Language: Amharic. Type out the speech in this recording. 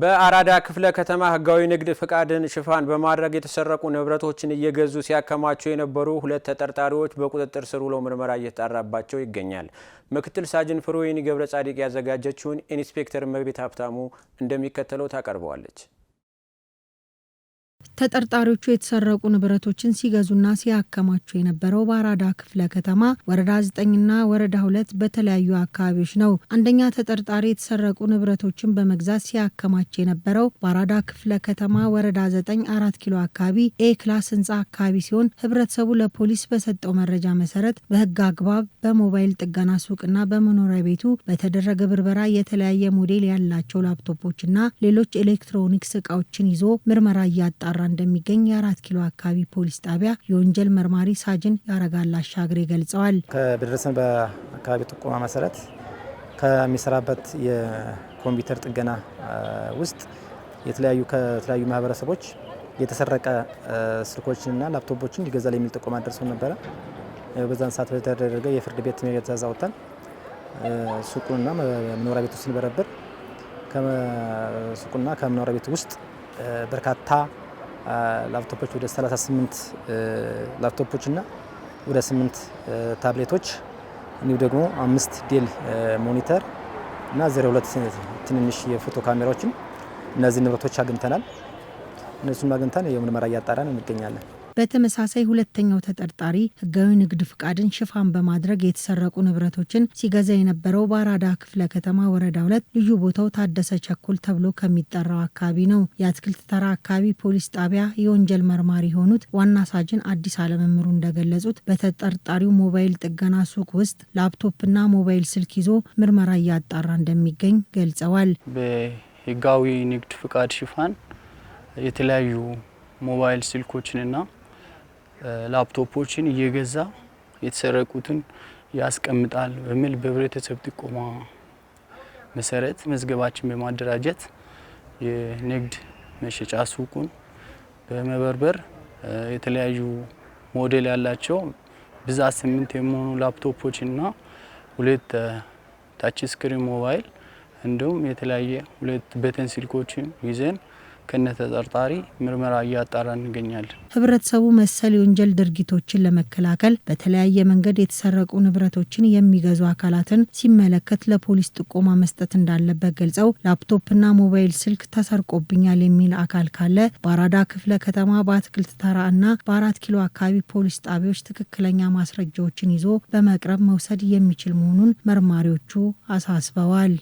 በአራዳ ክፍለ ከተማ ህጋዊ ንግድ ፍቃድን ሽፋን በማድረግ የተሰረቁ ንብረቶችን እየገዙ ሲያከማቸው የነበሩ ሁለት ተጠርጣሪዎች በቁጥጥር ስር ውለው ምርመራ እየተጣራባቸው ይገኛል። ምክትል ሳጅን ፍሮይኒ ገብረ ጻዲቅ ያዘጋጀችውን ኢንስፔክተር መቤት ሀብታሙ እንደሚከተለው ታቀርበዋለች። ተጠርጣሪዎቹ የተሰረቁ ንብረቶችን ሲገዙና ሲያከማቹ የነበረው በአራዳ ክፍለ ከተማ ወረዳ ዘጠኝና ወረዳ ሁለት በተለያዩ አካባቢዎች ነው። አንደኛ ተጠርጣሪ የተሰረቁ ንብረቶችን በመግዛት ሲያከማች የነበረው በአራዳ ክፍለ ከተማ ወረዳ ዘጠኝ አራት ኪሎ አካባቢ ኤ ክላስ ህንፃ አካባቢ ሲሆን ህብረተሰቡ ለፖሊስ በሰጠው መረጃ መሰረት በህግ አግባብ በሞባይል ጥገና ሱቅና በመኖሪያ ቤቱ በተደረገ ብርበራ የተለያየ ሞዴል ያላቸው ላፕቶፖችና ሌሎች ኤሌክትሮኒክስ እቃዎችን ይዞ ምርመራ እያጣ እየተጣራ እንደሚገኝ የአራት ኪሎ አካባቢ ፖሊስ ጣቢያ የወንጀል መርማሪ ሳጅን ያረጋል አሻግሬ ገልጸዋል። ከደረሰን በአካባቢ ጥቆማ መሰረት ከሚሰራበት የኮምፒውተር ጥገና ውስጥ የተለያዩ ከተለያዩ ማህበረሰቦች የተሰረቀ ስልኮችንና ላፕቶፖችን ሊገዛ የሚል ጥቆማ ደርሶ ነበረ። በዛን ሰዓት በተደረገ የፍርድ ቤት ትእዛዝ አውጥተን ሱቁንና መኖሪያ ቤቱ ስንበረብር ከሱቁና ከመኖሪያ ቤቱ ውስጥ በርካታ ላፕቶፖች ወደ 38 ላፕቶፖች እና ወደ 8 ታብሌቶች እንዲሁ ደግሞ አምስት ዴል ሞኒተር እና 02 ትንንሽ የፎቶ ካሜራዎችን እነዚህ ንብረቶች አግኝተናል። እነሱም አግኝተን የምርመራ እያጣራን እንገኛለን። በተመሳሳይ ሁለተኛው ተጠርጣሪ ህጋዊ ንግድ ፍቃድን ሽፋን በማድረግ የተሰረቁ ንብረቶችን ሲገዛ የነበረው በአራዳ ክፍለ ከተማ ወረዳ ሁለት ልዩ ቦታው ታደሰ ቸኩል ተብሎ ከሚጠራው አካባቢ ነው። የአትክልት ተራ አካባቢ ፖሊስ ጣቢያ የወንጀል መርማሪ የሆኑት ዋና ሳጅን አዲስ አለመምሩ እንደገለጹት በተጠርጣሪው ሞባይል ጥገና ሱቅ ውስጥ ላፕቶፕና ሞባይል ስልክ ይዞ ምርመራ እያጣራ እንደሚገኝ ገልጸዋል። በህጋዊ ንግድ ፍቃድ ሽፋን የተለያዩ ሞባይል ስልኮችንና ላፕቶፖችን እየገዛ የተሰረቁትን ያስቀምጣል በሚል በህብረተሰብ ጥቆማ መሰረት መዝገባችን በማደራጀት የንግድ መሸጫ ሱቁን በመበርበር የተለያዩ ሞዴል ያላቸው ብዛት ስምንት የሚሆኑ ላፕቶፖች እና ሁለት ታች ስክሪን ሞባይል እንዲሁም የተለያየ ሁለት በተን ስልኮችን ይዘን ከነ ተጠርጣሪ ምርመራ እያጣራ እንገኛለን። ህብረተሰቡ መሰል የወንጀል ድርጊቶችን ለመከላከል በተለያየ መንገድ የተሰረቁ ንብረቶችን የሚገዙ አካላትን ሲመለከት ለፖሊስ ጥቆማ መስጠት እንዳለበት ገልጸው ላፕቶፕና ሞባይል ስልክ ተሰርቆብኛል የሚል አካል ካለ በአራዳ ክፍለ ከተማ በአትክልት ተራ እና በአራት ኪሎ አካባቢ ፖሊስ ጣቢያዎች ትክክለኛ ማስረጃዎችን ይዞ በመቅረብ መውሰድ የሚችል መሆኑን መርማሪዎቹ አሳስበዋል።